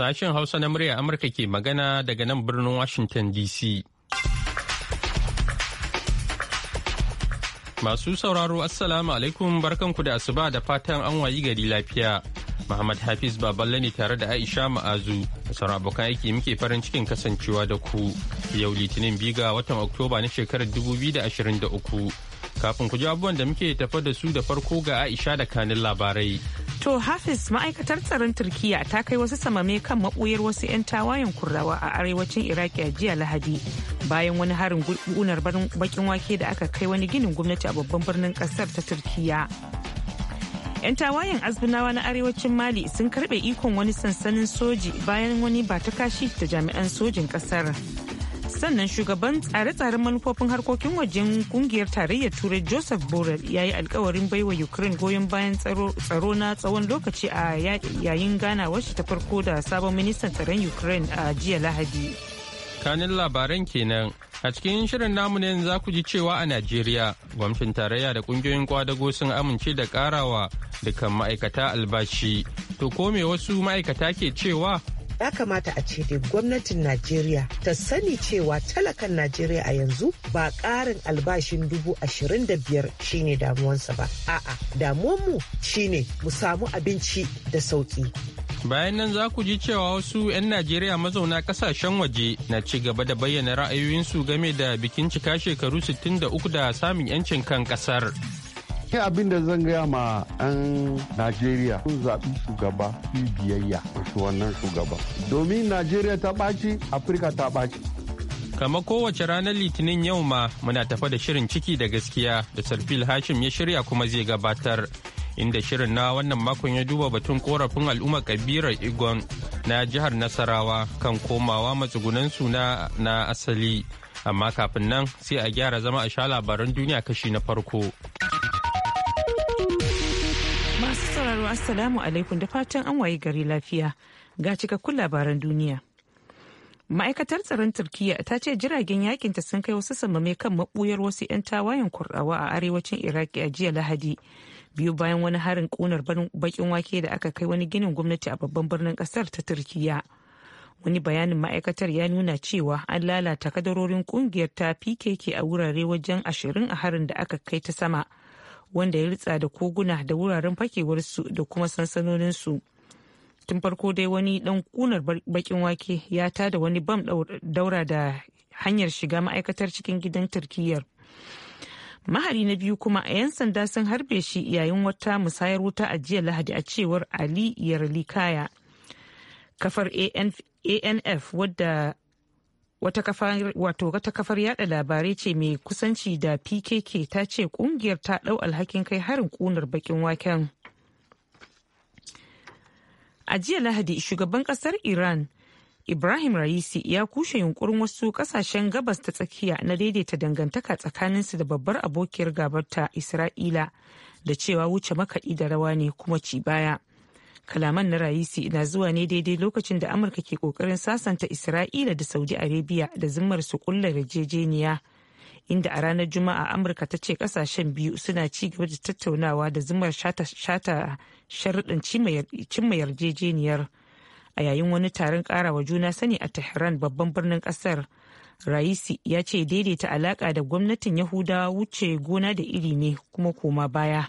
Sashen Hausa na murya Amurka ke magana daga nan birnin Washington DC. Masu sauraro Assalamu alaikum barkanku da asuba da fatan an wayi gari lafiya. Muhammad Hafiz Baballe ne tare da Aisha Ma'azu da sauran abokan aiki muke farin cikin kasancewa da ku yau Litinin biga watan Oktoba na shekarar 2023. Kafin ku ji abubuwan da muke tafa da su da farko ga Aisha da kanin labarai. To Hafiz ma'aikatar tsaron turkiyya ta kai wasu samame kan maɓoyar wasu 'yan tawayen kurdawa a arewacin Iraki a jiya Lahadi bayan wani harin gunar bakin wake da aka kai wani ginin gwamnati a babban birnin kasar ta turkiyya 'Yan tawayen azbinawa na arewacin Mali sun karbe ikon wani sansanin soji bayan wani ba ta kashi da jami'an sojin kasar. sannan shugaban tsare-tsaren manufofin harkokin wajen kungiyar tarayyar turai joseph borrell ya yi alkawarin baiwa ukraine goyon bayan tsaro na tsawon lokaci a yayin ganawar shi ta farko da sabon ministan tsaron ukraine a jiya lahadi kanin labaran kenan a cikin shirin namu ne za ku ji cewa a najeriya gwamnatin tarayya da kungiyoyin kwadago sun amince da karawa dukkan ma'aikata albashi to ko me wasu ma'aikata ke cewa ya kamata a ce dai gwamnatin najeriya ta sani cewa talakan najeriya a yanzu ba ƙarin albashin dubu ashirin da biyar shine damuwansa ba a'a damuwanmu shine mu samu abinci da sauki bayan nan za ku ji cewa wasu 'yan najeriya mazauna kasashen waje na ci gaba da bayyana ra'ayoyinsu game da bikin cika shekaru 63 da samun 'yancin kan kasar. Ke abin da zan gaya ma 'yan Najeriya sun zaɓi shugaba fi biyayya su wannan shugaba. Domin Najeriya ta ɓaci, Afirka ta ɓaci. Kama kowace ranar Litinin yau ma muna tafa da shirin ciki da gaskiya da Sarfil Hashim ya shirya kuma zai gabatar. Inda shirin na wannan makon ya duba batun korafin al'umma kabirar Igon na jihar Nasarawa kan komawa matsugunan suna na asali. amma kafin nan sai a gyara zama a sha labaran duniya kashi na farko. sauraro Assalamu alaikum da fatan an waye gari lafiya ga cikakkun labaran duniya. Ma'aikatar tsaron turkiya ta ce jiragen yakinta sun kai wasu samame kan mabuyar wasu 'yan tawayen kurɗawa a arewacin Iraki a jiya Lahadi. Biyu bayan wani harin kunar bakin wake da aka kai wani ginin gwamnati a babban birnin ƙasar ta turkiya wani bayanin ma'aikatar ya nuna cewa an lalata kadarorin kungiyar ta pkk a wurare wajen ashirin a harin da aka kai ta sama wanda ya ritsa da koguna da wuraren fakewarsu da kuma su tun farko dai wani dan kunar bakin wake ya ta da wani bam daura da hanyar shiga ma'aikatar cikin gidan turkiyyar mahari na biyu kuma a 'yan sanda sun harbe shi yayin wata musayar wuta a jiya lahadi a cewar ali yarlikaya kafar anf wadda wata kafar wato wata kafar yada labarai ce mai kusanci da pkk ta ce kungiyar ta dau alhakin kai harin kunar bakin waken a jiya lahadi shugaban kasar iran ibrahim raisi ya kushe yunkurin wasu kasashen gabas ta tsakiya na daidaita dangantaka tsakaninsu da babbar abokiyar gabarta isra'ila da cewa wuce makaɗi da rawa ne kuma ci baya kalaman na raisi na zuwa ne daidai lokacin da amurka ke kokarin sasanta isra'ila da saudi arabia da zimmar su kulla yarjejeniya inda a ranar juma'a amurka ta ce kasashen biyu suna ci gaba da tattaunawa da zimmar shata sharuɗin cimma yarjejeniyar a yayin wani taron karawa juna sani a tehran babban birnin kasar raisi ya ce daidaita alaka da gwamnatin yahudawa wuce gona da iri ne kuma koma baya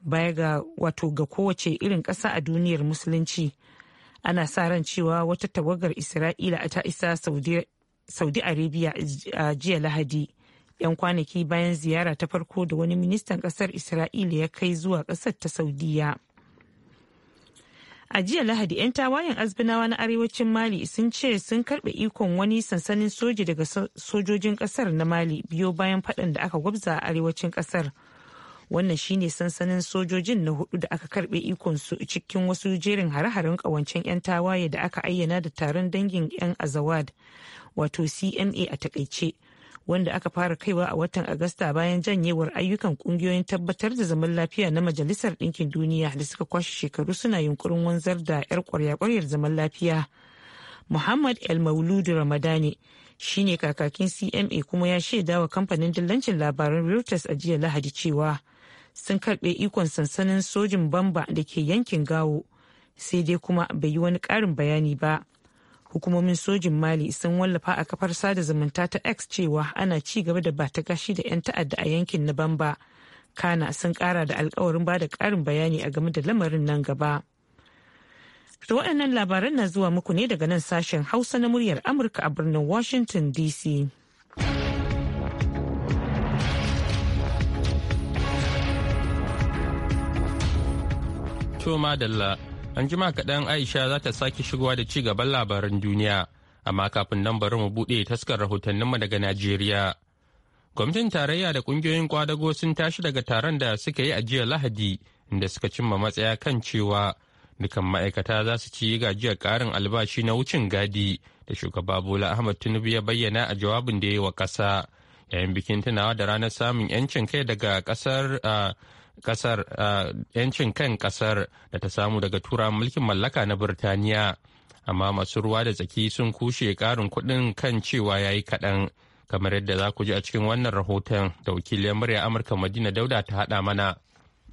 baya ga wato ga kowace irin ƙasa a duniyar musulunci ana sa ran cewa wata tawagar isra'ila ta isa saudi arabia a jiya lahadi yan kwanaki bayan ziyara ta farko da wani ministan ƙasar isra'ila ya kai zuwa ƙasar ta saudiya a jiya lahadi 'yan tawayen azbinawa na arewacin mali sun ce sun karbe ikon wani sansanin soji daga sojojin kasar na mali biyo bayan faɗan da aka gwabza a arewacin kasar wannan shine sansanin sojojin na hudu da aka karbe ikonsu cikin wasu jerin hare-haren kawancen 'yan tawaye da aka ayyana da taron dangin 'yan azawad wato cma a takaice wanda aka fara kaiwa a watan Agusta bayan janyewar ayyukan kungiyoyin tabbatar da zaman lafiya na Majalisar Ɗinkin Duniya da suka kwashe shekaru suna yunkurin wanzar da 'yar kwarya-kwaryar zaman lafiya. Muhammad El Mauludu Ramadani shine kakakin CMA kuma ya shaidawa kamfanin dillancin labaran Reuters a jiya Lahadi cewa sun karbe ikon sansanin sojin bamba da ke yankin gawo sai dai kuma bai yi wani karin bayani ba hukumomin sojin mali sun wallafa a kafar sada zumunta ta x cewa ana ci gaba da bata gashi da 'yan ta'adda a yankin na bamba kana sun kara da alkawarin ba da karin bayani a game da lamarin nan gaba da waɗannan labaran na zuwa muku ne daga nan sashen hausa na muryar amurka a birnin washington dc To madalla, an jima kaɗan Aisha za ta sake shigowa da ci gaban labaran duniya, amma kafin nan bari mu buɗe taskar rahotanninmu daga Najeriya. Gwamnatin tarayya da ƙungiyoyin kwadago sun tashi daga taron da suka yi a jiya Lahadi, inda suka cimma matsaya kan cewa dukan ma'aikata za su ci gajiyar ƙarin albashi na wucin gadi da shugaba Bola Ahmad Tinubu ya bayyana a jawabin da ya yi wa ƙasa. Yayin bikin tunawa da ranar samun 'yancin kai daga ƙasar kasar yancin kan kasar da ta samu daga tura mulkin mallaka na birtaniya amma masu ruwa da tsaki sun kushe karin kudin kan cewa ya yi kaɗan kamar yadda za ku ji a cikin wannan rahoton da wakiliyar murya amurka madina dauda ta haɗa mana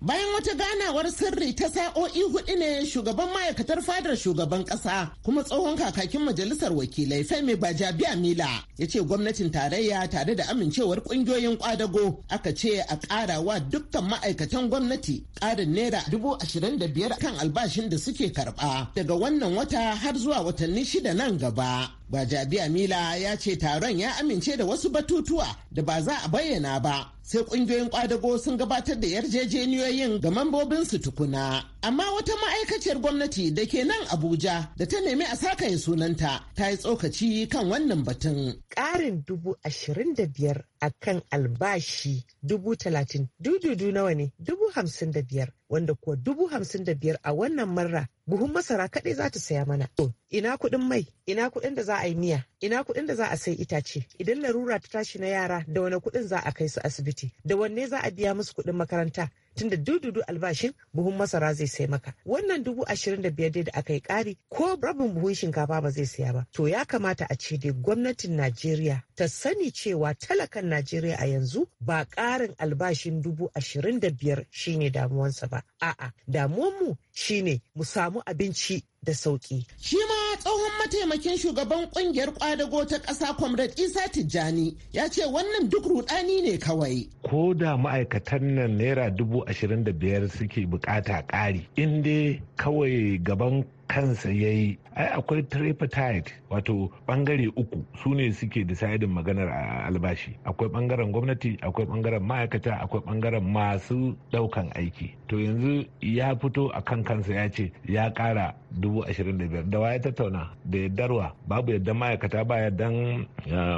Bayan wata ganawar sirri ta sa'o'i hudu ne shugaban ma'aikatar fadar shugaban kasa kuma tsohon kakakin majalisar wakilai Femi Bajabiya Mila ya ce gwamnatin tarayya tare da amincewar kungiyoyin kwadago aka ce a ƙara wa dukkan ma'aikatan gwamnati ƙarin naira dubu ashirin da biyar kan albashin da suke karɓa daga wannan wata har zuwa watanni shida nan gaba. Bajabi Amila ya ce taron ya amince da wasu batutuwa da ba za a bayyana ba sai ƙungiyoyin ƙwadago sun gabatar da yarjejeniyoyin ga mambobinsu tukuna. Amma wata ma'aikaciyar gwamnati da ke nan Abuja da ta nemi a sakaye sunanta ta yi tsokaci kan wannan batun. Ƙarin dubu ashirin da biyar a kan albashi dubu talatin dududu nawa ne dubu hamsin da biyar wanda kuwa dubu hamsin da biyar a wannan marra buhun masara kaɗai za ta saya mana. To, ina kuɗin mai, ina kuɗin da za a yi miya, ina kuɗin da za a sai itace, idan larura ta tashi na yara da wani kuɗin za a kai su asibiti, da wanne za a biya musu kuɗin makaranta, tunda dudu albashin buhun masara zai sai maka wannan dubu ashirin da biyar da aka yi kari ko rabin buhun shinkafa ba zai saya ba to ya kamata a ce dai gwamnatin najeriya ta sani cewa talakan najeriya a yanzu ba karin albashin dubu ashirin da biyar shine damuwansa ba a'a damuwan mu shine mu samu abinci da sauki. Shi ma tsohon mataimakin shugaban kungiyar kwadago ta ƙasa Comrade Isa Tijjani ya ce wannan duk rudani ne kawai. Ko da ma'aikatan nan naira dubu ashirin da biyar suke bukata ƙari in dai kawai gaban kansa ya yi ai akwai tripartite wato bangare uku su ne suke disadin maganar a albashi akwai bangaren gwamnati akwai bangaren ma'aikata akwai bangaren masu daukan aiki to yanzu ya fito a kan kansa ya ce ya kara dubu ashirin da biyar da waya tattauna da darwa babu yadda ma'aikata ba dan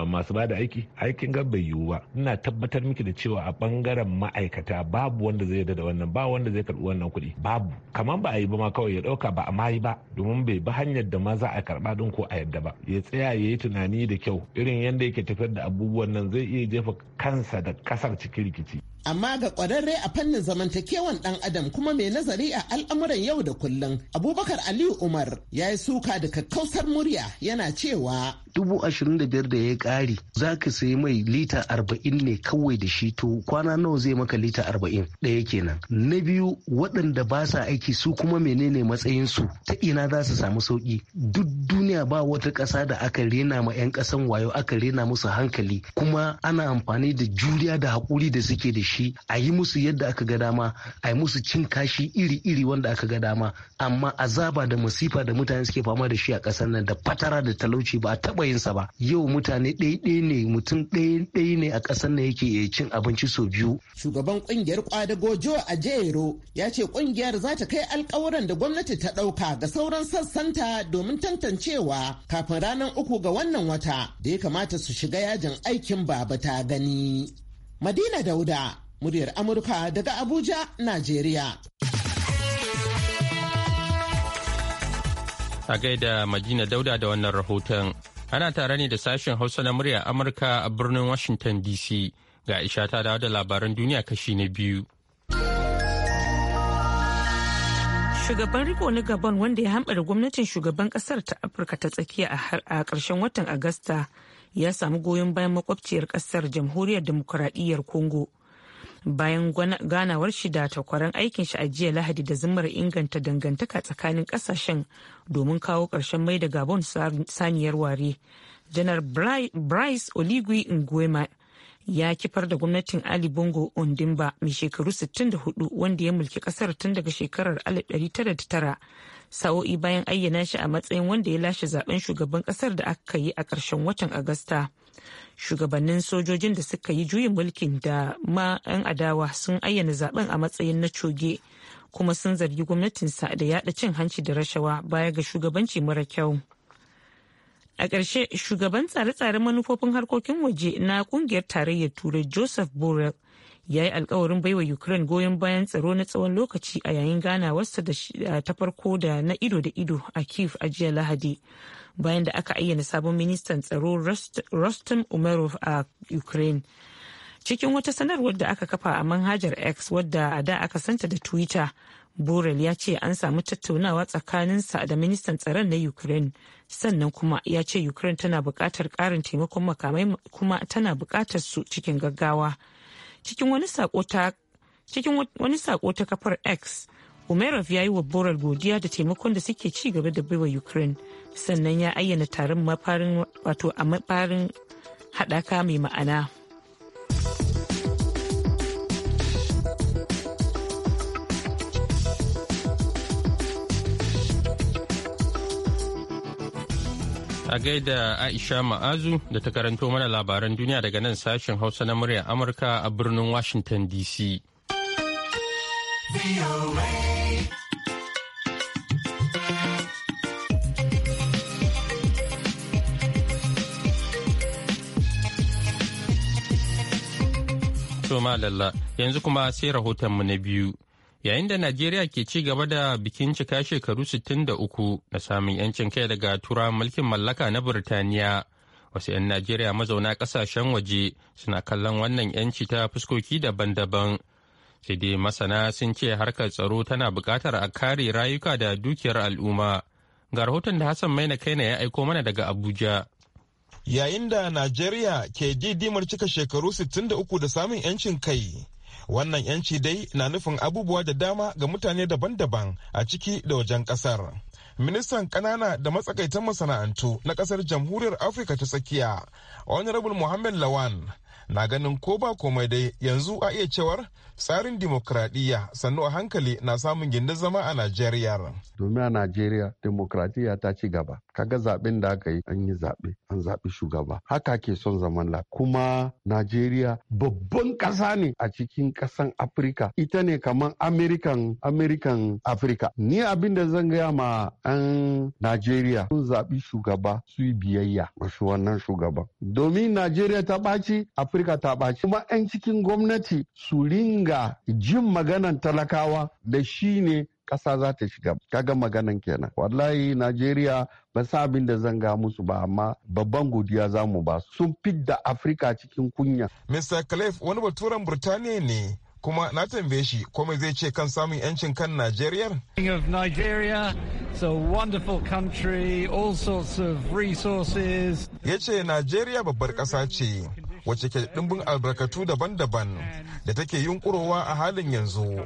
masu bada aiki aikin ga yiwu ba ina tabbatar miki da cewa a bangaren ma'aikata babu wanda zai yarda da wannan ba wanda zai karbi wannan kuɗi babu kamar ba a yi ba ma kawai ya ɗauka ba a ma ba domin bai bi hanyar da ma za a karba din ko a yadda ba ya tsaya ya yi tunani da kyau irin yadda yake tafiyar da abubuwan nan zai iya jefa kansa da kasar cikin rikici amma ga kwararre a fannin zamantakewan dan adam kuma mai nazari a al'amuran yau da kullum abubakar aliyu umar ya yi suka da kakkausar murya yana cewa dubu ashirin da biyar da ya ƙare, za ka sayi mai lita arba'in ne kawai da shi to kwana nawa zai maka lita arba'in ɗaya kenan na biyu waɗanda ba sa aiki su kuma menene matsayin su ta ina za su samu sauƙi duk duniya ba wata ƙasa da aka rena ma 'yan ƙasan wayo aka rena musu hankali kuma ana amfani da juriya da haƙuri da suke da shi shi a yi musu yadda aka ga dama a yi musu cin kashi iri-iri wanda aka ga dama amma azaba da masifa da mutane suke fama da shi a ƙasar nan da fatara da talauci ba a taɓa yin sa ba yau mutane ɗaya ne mutum ɗaya ne a ƙasar nan yake cin abinci sau biyu. Shugaban ƙungiyar kwadago a jero ya ce ƙungiyar za ta kai alƙawuran da gwamnati ta ɗauka ga sauran sassanta domin tantancewa kafin ranar uku ga wannan wata da ya kamata su shiga yajin aikin baba ta gani. Madina Dauda, muryar Amurka daga Abuja, Najeriya. A gaida Madina Dauda da wannan rahoton, ana tare ne da sashen Hausa na muryar Amurka a birnin Washington DC ga Aisha ta dawo da labaran duniya kashi na biyu. Shugaban riko na Gabon wanda ya hambar gwamnatin shugaban kasar ta Afirka ta tsakiya a karshen watan Agusta. ya samu goyon bayan makwabciyar kasar jamhuriyar demokuraɗiyyar congo bayan ganawar shi da takwaran aikin shi a jiya lahadi da zimmar inganta dangantaka tsakanin kasashen domin kawo ƙarshen mai da gabon saniyar ware janar bryce oligui nguema ya kifar da gwamnatin ali bongo ondimba mai shekaru 64 wanda ya mulki kasar tun daga shekarar tara sa'o'i bayan ayyana shi a matsayin wanda ya lashe zaben shugaban kasar da aka yi a ƙarshen watan agusta shugabannin sojojin da suka yi juyin mulkin da ma 'yan adawa sun ayyana zaben a matsayin na coge kuma sun zargi gwamnatinsa da yada cin hanci da rashawa baya ga shugabanci mara kyau. A ƙarshe shugaban tsare-tsaren manufofin harkokin waje na ƙungiyar tarayyar turai Joseph Borrell ya yi alkawarin baiwa Ukraine goyon bayan tsaro na tsawon lokaci a yayin ganawarsa ta farko da na ido da ido a kyiv a jiya Lahadi bayan da aka ayyana sabon ministan tsaro rostom umarov a Ukraine. Cikin wata sanarwar da aka kafa a manhajar X wadda a da aka santa da Twitter borel ya ce an samu tattaunawa tsakaninsa da ministan tsaron na ukraine sannan kuma ya ce ukraine tana buƙatar ƙarin taimakon makamai kuma tana buƙatar su cikin gaggawa cikin wani sako ta kafar x umarov ya yi wa borel godiya da taimakon da suke ci gaba da baiwa ukraine sannan ya ayyana taron mafarin wato a mafarin haɗaka mai ma'ana A gaida Aisha Ma'azu da ta karanto mana labaran duniya daga nan sashen Hausa na muryar Amurka a birnin Washington DC. Soma lalla yanzu kuma sai rahotonmu na biyu. Yayin da Najeriya ke ci gaba da bikin cika shekaru 63 na samun 'yancin kai daga tura mulkin mallaka na Burtaniya, wasu 'yan Najeriya mazauna ƙasashen waje suna kallon wannan 'yanci ta fuskoki daban-daban. Sai dai masana sun ce harkar tsaro tana buƙatar a kare rayuka da dukiyar al'umma. Ga rahoton da Hassan Maina na ya aiko mana daga Abuja. Yayin da Najeriya ke didimar cika shekaru 63 da samun 'yancin kai. wannan yanci dai na nufin abubuwa da dama ga mutane daban-daban a ciki da wajen kasar ministan kanana da matsakaitan masana'antu na kasar jamhuriyar afirka ta tsakiya honorable muhammad lawan na ganin ko ba komai dai yanzu a iya cewar tsarin dimokuraɗiyya sannu a hankali na samun gindin zama a Najeriya. Domin a Najeriya dimokuraɗiyya ta ci gaba. Kaga zaɓen da aka yi an yi zaɓe an zaɓi shugaba. Haka ke son zaman lafiya. Kuma Najeriya babban ƙasa ne a cikin ƙasan Afirka. Ita ne kamar American American Afirka. Ni abin da zan gaya ma an Najeriya sun zaɓi shugaba su yi biyayya masu wannan shugaban. Domin Najeriya ta ɓaci Afirka ta ɓaci. Kuma 'yan cikin gwamnati su ringa dinga jin maganan talakawa da shi ne ƙasa za ta shiga kaga maganan kenan wallahi najeriya ba sa abin da zan ga musu ba amma babban godiya za mu ba sun da afirka cikin kunya mr clef wani baturen burtaniya ne kuma na tambaye shi komai zai ce kan samun yancin kan Najeriya. of Nigeria, it's a wonderful country, all sorts of resources. Ya ce Najeriya babbar ƙasa ce, wacce ke ɗimbin albarkatu daban-daban da take yunkurowa a halin yanzu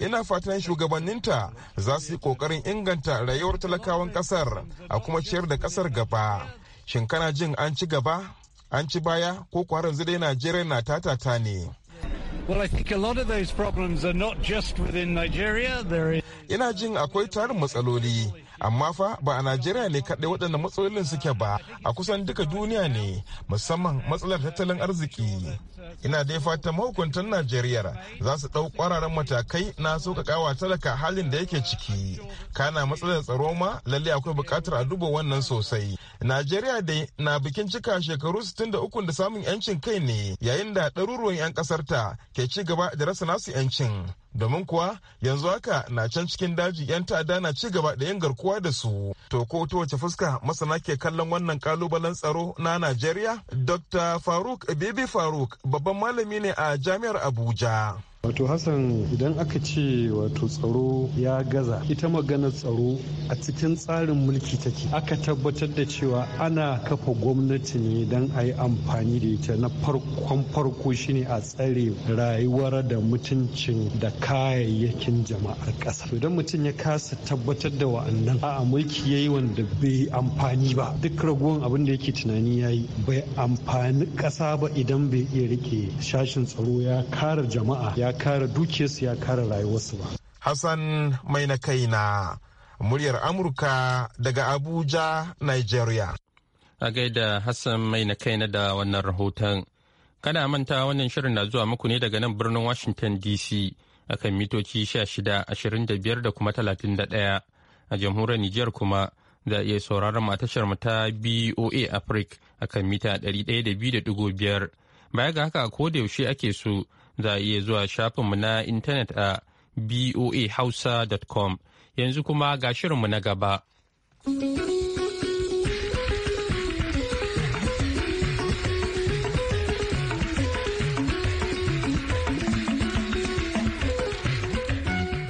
ina fatan shugabanninta za su yi ƙoƙarin inganta rayuwar talakawan ƙasar a kuma ciyar da ƙasar gaba shin kana jin an ci gaba an ci baya ko kwarin zidai najeriya na tatata ne Ina jin akwai tarin matsaloli amma fa ba a najeriya ne kaɗai waɗannan matsalolin suke ba a kusan duka duniya ne musamman matsalar tattalin arziki ina dai fatan mahukuntan najeriya za su ɗau ƙwararren matakai na sauƙaƙawa talaka halin da yake ciki kana matsalar tsaro ma lalle akwai buƙatar a duba wannan sosai najeriya dai na bikin cika shekaru 63 da samun 'yancin kai ne yayin da ɗaruruwan 'yan ƙasarta ke ci gaba da rasa nasu 'yancin domin kuwa yanzu haka na can cikin daji 'yan ta'ada na ci gaba da yin garkuwa da su to ko ta wace fuska masana ke kallon wannan kalubalen tsaro na najeriya dr faruk bibi faruk babban malami ne a jami'ar abuja wato hassan idan aka ce wato tsaro ya gaza ita magana tsaro a cikin tsarin mulki take aka tabbatar da cewa ana kafa gwamnati ne don a yi amfani da ita na farkon farko shine a tsare rayuwar da mutuncin da kayayyakin jama'ar kasa. idan mutum ya kasa tabbatar da wa'annan a mulki ya yi wanda bai amfani ba duk ragowar abin da yake tunani ya yi bai amfani kasa ba idan bai iya rike shashin tsaro ya kare jama'a ya kare dukiyarsu ya kare rayuwarsu ba. Hassan mai na kaina muryar Amurka daga Abuja, Nigeria. A gaida Hassan mai na kaina da wannan rahoton. kana manta wannan shirin na zuwa muku ne daga nan birnin Washington DC akan mitoci 16, 25 da kuma 31 a jamhuriyar Nijar kuma. za a iya sauraron tashar mu ta BOA Africa akan mita 102.5 baya ga haka ko da yaushe ake so za a iya zuwa shafinmu na intanet a boahausa.com yanzu kuma ga shirinmu na gaba.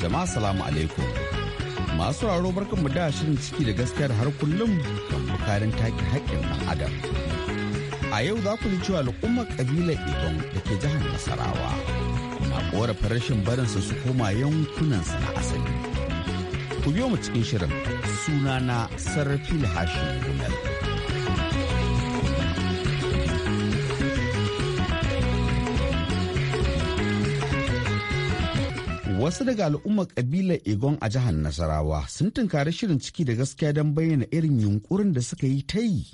Jama'a salamu alaikum. Masu raro mu da shirin ciki da gaskiyar har kullum kan bukarin take haƙƙin ɗan adam. A yau za ku ji cewa al'ummar kabilar Ibon da ke jihar Nasarawa na korafin rashin barinsa su koma yankunansa na asali. Ku biyo mu cikin shirin sunana Sarfil Hashim Gunal. wasu daga al'ummar kabilar egon a jihar nasarawa sun tunkari shirin ciki da gaskiya don bayyana irin yunkurin da suka yi ta yi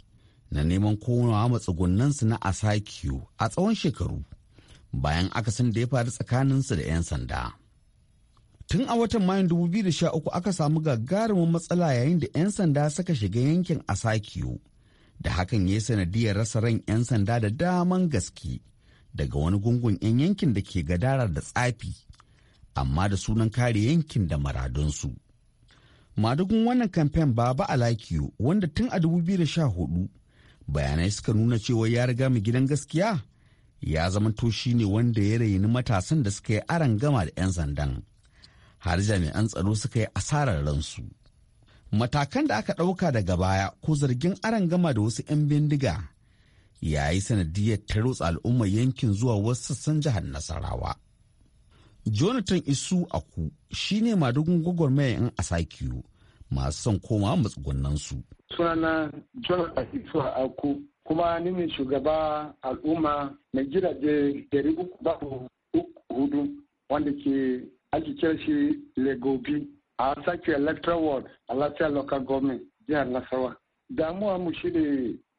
na neman komawa matsugunansu na asakiyo a tsawon shekaru bayan akasin da ya faru tsakaninsu da 'yan sanda. Tun a watan Mayun 2013 aka samu gagarumin matsala yayin da 'yan sanda suka shiga yankin Asakiyo, da hakan ya sanadiyar rasa ran 'yan sanda da daman gaske daga wani gungun 'yan yankin da ke gadara da tsafi, amma da sunan kare yankin da maradunsu. Madugun wannan kamfen Baba Alakio wanda tun a 2014 bayanai suka nuna cewa ya riga mu gidan gaskiya ya zamanto shi ne wanda ya raini matasan da suka yi aron gama da 'yan sandan har jami'an tsaro suka yi asarar ransu matakan da aka ɗauka daga baya ko zargin aron gama da wasu 'yan bindiga ya yi sanadiyar tarotsa al'ummar yankin zuwa wasu sassan jihar nasarawa jonathan isu aku shine madugun gwagwarmaya 'yan asakiyo masu son koma matsugunansu sunana jonathan isuwa aku kuma ni ne shugaba al'umma na gidaje dari uku hudu wanda ke ake kira shi legobi a sake electoral ward a lafiyar local government jihar nasarawa damuwa mu shi ne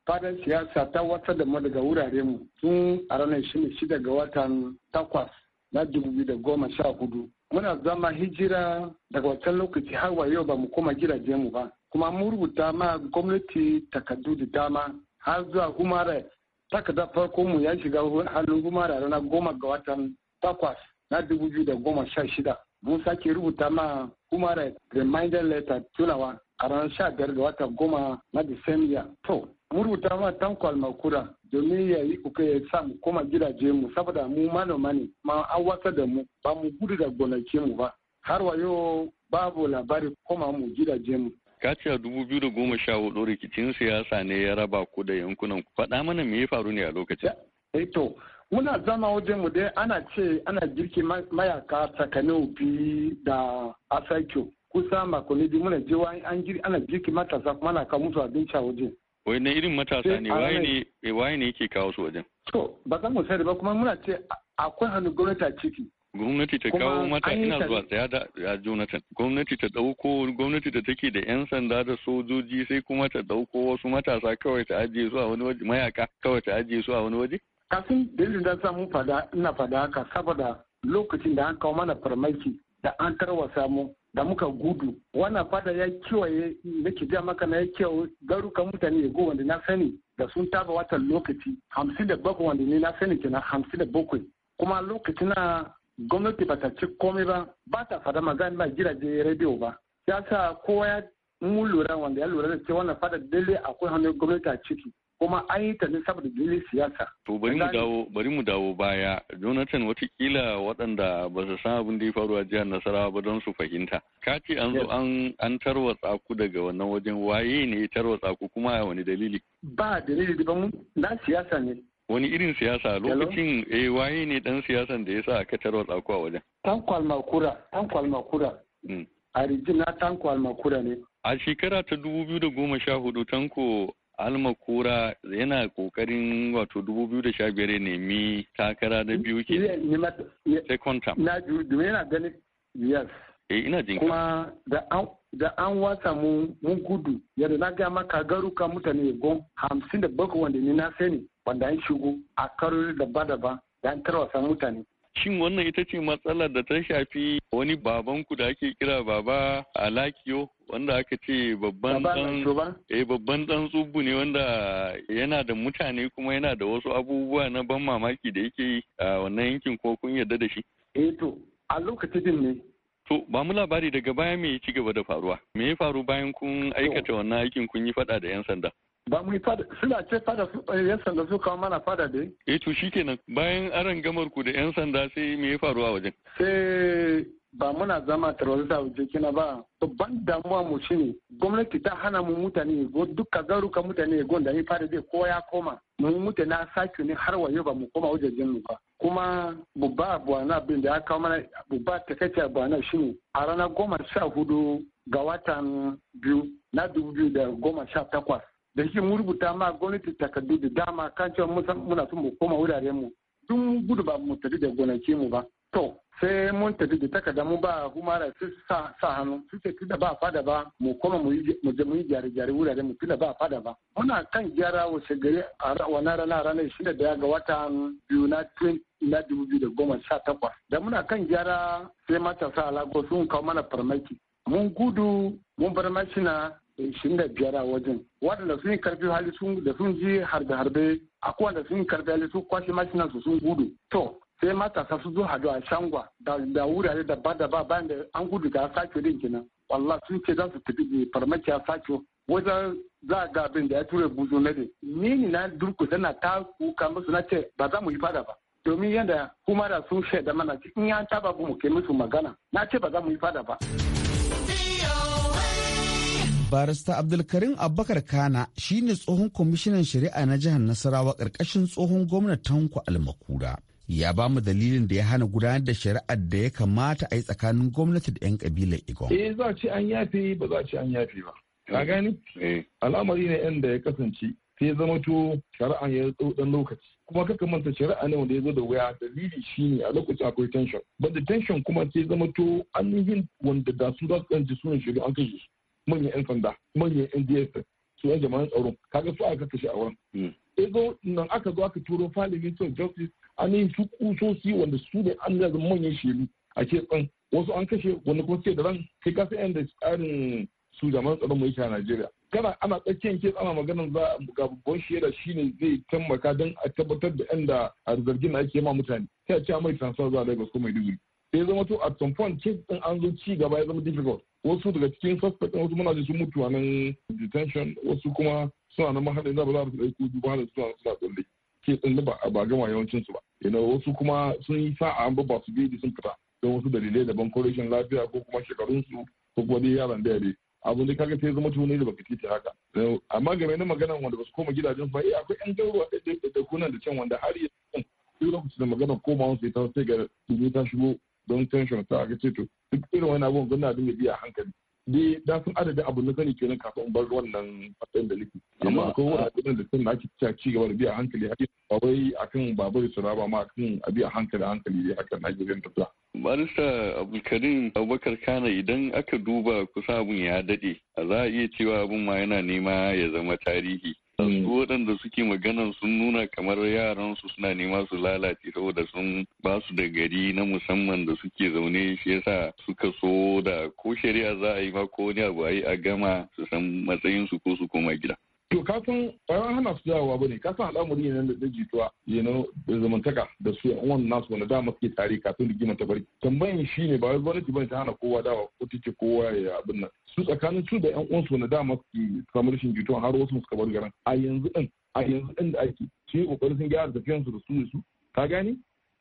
fadar siyasa ta wata da daga wurare mu tun a ranar shi shida ga watan takwas na dubu da goma sha hudu muna zama hijira daga wancan lokaci har wa yau ba mu koma gidaje mu ba kuma mun rubuta ma gwamnati takardu da dama har zuwa humara takarda farko mu ya shiga hannun gumara ranar goma ga watan takwas na dubu biyu da goma sha shida mun sake rubuta ma gumara reminder letter tunawa a ranar sha biyar ga watan goma na december. to mun rubuta ma tankwal makura domin ya yi kuka ya sa mu koma gidaje mu saboda mu manoma ne ma an wasa da mu ba mu gudu da gonaki mu ba har wa yau babu labari koma mu gidaje mu ka goma sha hudu rikicin siyasa ne ya raba ku da yankunan ku faɗa mana me ya faru ne a lokacin Eto, eh muna zama wajen mu dai ana ce ana girki mayaka tsakanin obi da asakyo kusa makonni biyu muna je an girki ana girki matasa kuma ana kawo musu abinci a wajen wai na irin matasa ne eh, waye ne eh, waye ne yake kawo su wajen to ba za mu sani ba kuma muna ce akwai hannu gwamnati a ciki gwamnati ta kawo mata ina zuwa tsaya da ya jonathan gwamnati ta dauko gwamnati ta take da yan sanda da sojoji sai kuma ta dauko wasu matasa kawai ta ajiye su a wani waje mayaka kawai ta ajiye su a wani waje kafin dalilin da samu fada ina fada haka saboda lokacin da an kawo mana farmaki da an tarwa samu da muka gudu wannan fada ya kiwaye da ke maka na ya kiwaye garuka mutane ya go wanda na sani da sun taba watan lokaci hamsin da bakwai wanda ne na sani kenan hamsin da bakwai kuma lokacin na gwamnati ba ta ci komai ba ba ta fada magana ba gidaje rediyo ba ya sa kowa ya mun lura wanda ya lura da cewa wannan fada dole akwai hannu gwamnati a ciki kuma an yi ta ne saboda dalilin siyasa. To bari mu dawo bari mu dawo baya Jonathan watakila waɗanda ba su san abin da ya faru a jihar Nasarawa ba don su fahimta. Ka ce an zo an an tarwatsa ku daga wannan wajen waye ne ya tarwatsa ku kuma a wani dalili? Ba dalili ba mu na siyasa ne. wani irin siyasa lokacin eh waye ne dan siyasan da ya sa aka tarwa tsakuwa wajen tankwal makura tankwal makura hmm. a rijina tankwal makura ne a shekara ta dubu biyu da goma sha hudu tanko almakura yana kokarin wato dubu biyu da sha biyar ya nemi takara da biyu ke second term na yana ganin yes eh ina jinka kuma da da an wasa mun gudu yadda na gaya maka garuka mutane gon hamsin da bakwai wanda ni na sani wanda an shigo a karori daban-daban da an tarwasa mutane Shin wannan ita ce matsalar da ta shafi wani babanku da ake kira baba a Lakiyo wanda aka ce babban dan eh tsubu ne wanda yana da mutane kuma yana da wasu abubuwa na ban mamaki da yake yi a wannan yankin ko kun yarda da shi? Eh to a lokacin ne To ba mu labari daga baya me ya ci gaba da faruwa? Me ya faru bayan kun aikata wannan aikin kun yi faɗa da 'yan sanda? ba mu fada suna ce fada eh, yan sanda su kawo mana fada dai eh to shikenan bayan aran gamar ku da yan sanda sai me ya faru a wajen sai ba muna zama terrorist a waje kina ba babban damuwa mu shine gwamnati ta hana mu mutane ko duka garuka mutane go da ni fara ko ya koma mu mutane na sake ne har wayo ba mu koma wajen mu ba kuma bubba buwana bin da aka mana bubba takaice buwana shine a ranar goma sha hudu ga watan biyu na dubu biyu da goma sha takwas da shi mu rubuta ma gwamnati takardu da dama kan cewa muna son mu koma wuraren mu duk gudu ba mu tafi da gonaki mu ba to sai mun tafi da takarda mu ba humara su sa hannu su ce tunda ba fada ba mu koma mu je mu yi gyare-gyare wuraren mu tunda ba fada ba muna kan gyara wace gari a wannan rana ranar shida da ya ga watan biyu na na dubu biyu da goma sha takwas da muna kan gyara sai matasa alago sun kawo mana farmaki mun gudu mun bar mashina 25 da biyar a wajen waɗanda sun yi karfi hali sun da sun ji harbe-harbe akwai da sun yi karfi hali sun kwashe mashinan su sun gudu to sai matasa su zo hadu a shangwa da wurare da ba bayan da an gudu ga sake din kenan wallah sun ce za su tafi farmaki a sake wajen za a ga abin da ya tura buzu na dai ni ni na durku tana ta kuka musu na ce ba za mu yi fada ba domin yadda kuma da sun shaida mana in ya taba mu ke musu magana na ce ba za mu yi fada ba. barista abdulkarim abubakar kana shine tsohon kwamishinan shari'a na jihar nasarawa ƙarƙashin tsohon gwamnan tanko almakura ya ba mu dalilin da ya hana gudanar da shari'ar da ya kamata a yi tsakanin gwamnati da 'yan kabilar igon. Eh za ce an yafe ba za ce an yafe ba. Ka eh. gani? Eh. Al'amari ne yan da ya kasance sai ya zama to shari'a ya dan lokaci. Kuma kaka kamanta shari'a ne wanda ya zo da waya dalili shi ne a lokacin akwai tension. Banda tension kuma sai ya zama to an yi wanda da su za su kanci sunan shari'a an kashe su. manyan 'yan sanda manyan 'yan dsa su yan jama'an tsaro kaga su aka kashe a wurin hmm. ego nan aka zo aka turo fali minister of justice an yi su kusosi wanda su ne an zaga manyan shelu a ke tsan wasu an kashe wani kuma ce da ran kai ka san da tsarin su jama'an tsaron mu shi a Najeriya kana ana tsakiyar ke tsana maganar za ga babban shi shine zai taimaka don a tabbatar da yan da a zargin ake ma mutane sai a ce mai transfer zuwa Lagos ko Maiduguri sai zama to at some point an zo ci gaba ya zama difficult wasu daga cikin suspect wasu muna ji sun mutu a nan detention wasu kuma suna nan mahaɗin da ba za su ɗauki ko duba da suna suna tsalle ke tsalle ba ba gama yawancin su ba Ina wasu kuma sun yi sa'a an ba su bidi sun fita don wasu dalilai daban ko rashin lafiya ko kuma shekarun su ko kuma dai yaran da dai abu ne kaga sai zama tuni da baka titi haka amma game na maganan wanda ba su koma gidajen ba eh akwai yan garuwa da kunan da can wanda har yanzu duk lokacin da maganar komawa sai ta sai ga tuni ta shigo don tension ta aka ce duk irin wani abubuwan gwamna ne biya hankali dai da sun adadin abu na sani kenan kafin bar wannan matsayin da nake amma akwai wani abin da sun ake cewa ci gaba da biya hankali hake ba wai akan babur su raba ma akan a biya hankali hankali dai haka na gidan ba. barista abdulkarim abubakar kana idan aka duba kusa abun ya dade za a iya cewa abun ma yana nema ya zama tarihi wasu mm. waɗanda suke magana sun nuna kamar yaran su suna nema su lalace saboda sun ba su da gari na musamman da suke zaune shi yasa suka so da ko shari'a za a yi ma ko wani abu a yi a gama su san matsayin su ko su koma gida To kasan bayan hana su jawowa bane kasan al'amuri ne da jituwa yana da zamantaka da su yan uwan nasu wanda dama suke tare kafin rigimar ta bari. tambayin shi ne ba wai gwamnati bane ta hana kowa dawa ko ce kowa ya abin nan. Su tsakanin su da yan uwan su wanda dama suke samun rashin jituwa har wasu suka bar garin. A yanzu din a yanzu din da ake shi kokarin sun gyara tafiyan su da su da su ka gane?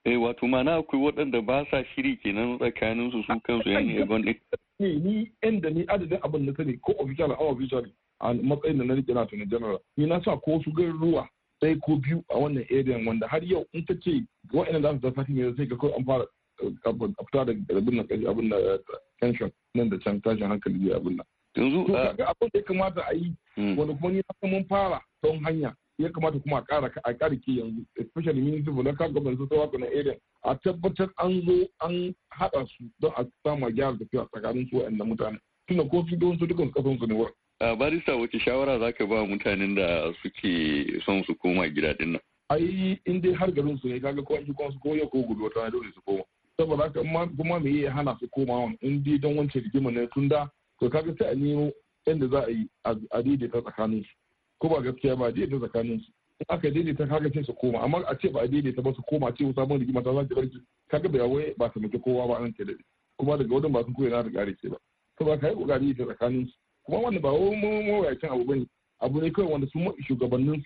Eh wato mana akwai waɗanda ba sa shiri kenan tsakanin su su kansu yan egon din. Ni ni yan da ni adadin abin ta sani ko official a official a matsayin da na rike na tuni general ni na sa ko su ruwa. Sai ko biyu a wannan area wanda har yau in ka ce wa'annan za su da ne sai ka kawai an fara a fita da abin nan kashi abin da tension nan da can tashin hankali zai abin nan. Yanzu ga abin da ya kamata a yi hmm. wani kuma ni na mun fara don hanya ya kamata kuma a ƙara a ƙara ke yanzu especially municipal na kan gwamnati ta waka na area a tabbatar an zo an haɗa su don a samu gyara tafiya tsakanin su wa'annan mutane tunda ko su don su dukkan kasan su ne wa barista wace shawara za ka ba mutanen da suke son su koma gida din nan ai in dai har garin su ne kaga ko shi su koya ko gobe wata dole su koma saboda haka kuma me ya hana su koma in dai don wancan rigima ne tunda to kaga sai a nemo yadda za a yi a daidaita tsakanin su ko ba gaskiya ba daidaita tsakanin su in aka daidaita kaga sai su koma amma a ce ba a daidaita ba su koma a ce wata mun rigima ta za ta barki kaga bai wai ba ta mutu kowa ba an ke da kuma daga wajen ba sun koya na da kare ce ba saboda yi kokari ta tsakanin su kuma wanda ba mu wayakin abu bane abu ne kawai wanda su shugabannin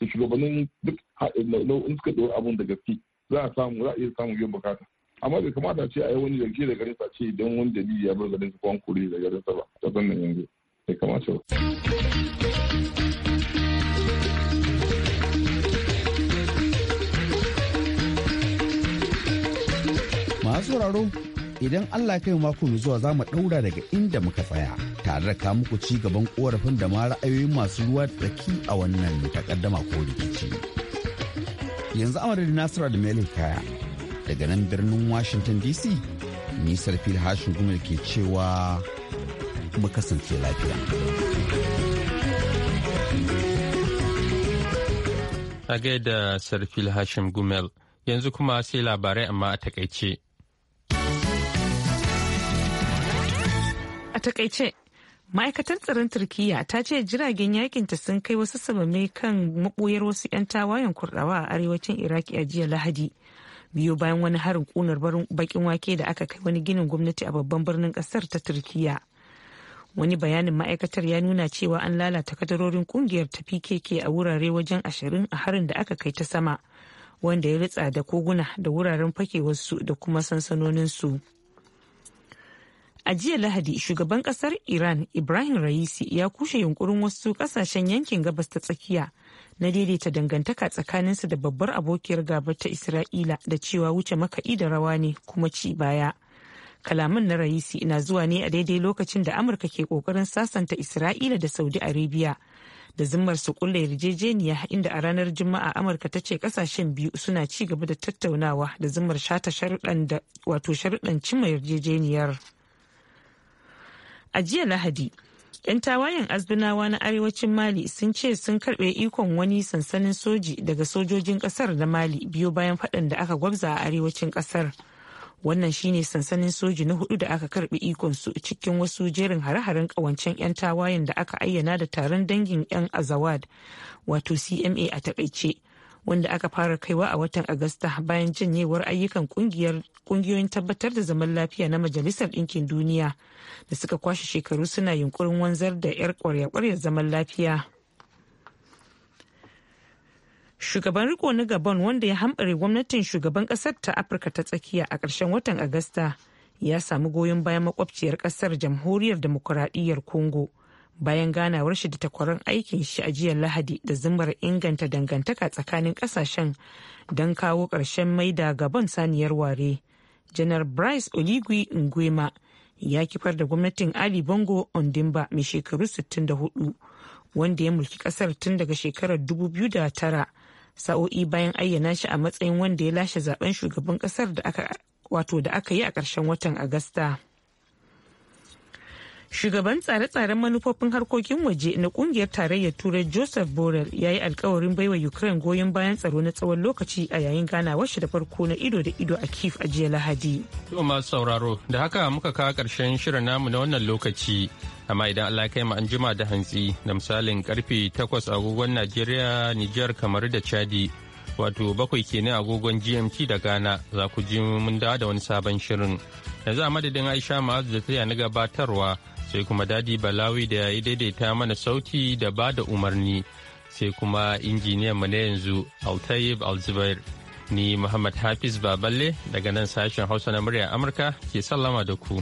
da shugabannin duk nau'in suka ɗora abun da gaske za a samu za a iya samun yin bukata amma bai kamata ce a yi wani zargi da garinsa ce idan wani dalili ya bar garin su kwan kore da garinsa ba ta sannan yanzu bai kamata ba. masu sauraro idan Allah kai mako mai zuwa za mu ɗaura daga inda muka tsaya. tare da kawo muku ci gaban korafin da ma ra'ayoyin masu ruwa ɗaki a wannan takaddama ko rikici. Yanzu amadadin Nasiru da Mele Kaya daga nan birnin Washington DC, nisar fil hashin Gumel ke cewa mu kasance lafiya. A gaida Sarfil Hashim Gumel, yanzu kuma sai labarai amma a takaice. A takaice, ma'aikatan tsaron turkiya ta ce jiragen yakinta sun kai wasu sababbi kan maboyar wasu 'yan tawayen kurdawa a arewacin iraki a jiya lahadi biyu bayan wani harin kunar bakin wake da aka kai wani ginin gwamnati a babban birnin kasar ta turkiya wani bayanin ma'aikatar ya nuna cewa an lalata kadarorin kungiyar ta pkk a wurare wajen ashirin a harin da aka kai ta sama wanda ya ritsa da koguna da wuraren fakewarsu da kuma sansanoninsu. su A jiya Lahadi shugaban kasar Iran Ibrahim Raisi ya kushe yunkurin wasu kasashen yankin gabas ta tsakiya na daidaita dangantaka tsakaninsu da babbar abokiyar gabar ta Isra'ila da cewa wuce maka'i da rawa ne kuma ci baya. Kalaman na Raisi na zuwa ne a daidai lokacin da Amurka ke ƙoƙarin sasanta Isra'ila da Saudi Arabia da zimmar su kulle yarjejeniya inda a ranar Juma'a Amurka ta ce kasashen biyu suna ci gaba da tattaunawa da zimmar shata sharuɗan da wato sharuɗan cimma yarjejeniyar. a jiya lahadi 'yan tawayen azbinawa na arewacin mali sun ce sun karbe ikon wani sansanin soji daga sojojin kasar da mali biyo bayan faɗan da aka gwabza a arewacin kasar wannan shine sansanin soji na hudu da aka karbe su cikin wasu jerin hare-haren kawancen 'yan tawayen da aka ayyana da taron dangin 'yan azawad wato cma a takaice wanda aka fara kaiwa a watan agusta bayan janyewar ayyukan kungiyar kungiyoyin tabbatar da zaman lafiya na majalisar ɗinkin duniya da suka kwashe shekaru suna yunkurin wanzar da 'yar kwarya-kwaryar zaman lafiya shugaban riko na gabon wanda ya hamɓare gwamnatin shugaban ƙasar ta afirka ta tsakiya a ƙarshen watan agusta ya samu goyon bayan makwabciyar ƙasar jamhuriyar demokuraɗiyyar congo bayan ganawar shi da takwarar aikin shi a jiya lahadi da zumar inganta dangantaka tsakanin ƙasashen don kawo ƙarshen maida gabon saniyar ware janar bryce oligui nguema ya kifar da gwamnatin ali bongo ondimba mai shekaru 64 wanda ya mulki kasar tun daga shekarar 2009 sa'o'i bayan ayyana shi a matsayin wanda ya lashe zaben shugaban kasar da aka da aka yi a ƙarshen watan agusta. shugaban tsare-tsaren manufofin harkokin waje na kungiyar tarayyar turai joseph borrell ya yi alkawarin baiwa ukraine goyon bayan tsaro na tsawon lokaci a yayin ganawar shi da farko na ido da ido a kif a jiya lahadi to masu sauraro da haka muka kawo karshen shirin namu na wannan lokaci amma idan allah kai mu an jima da hantsi da misalin karfe 8 agogon najeriya niger kamar da chadi wato bakwai kenan agogon gmt da ghana za ku ji mun da wani sabon shirin yanzu a madadin aisha ma'azu da ta na gabatarwa sai kuma dadi balawi da ya yi daidaita mana sauti da ba da umarni sai kuma injiniyan mu na yanzu altayib alzubair ni muhammad hafiz baballe daga nan sashen hausa na murya amurka ke sallama da ku.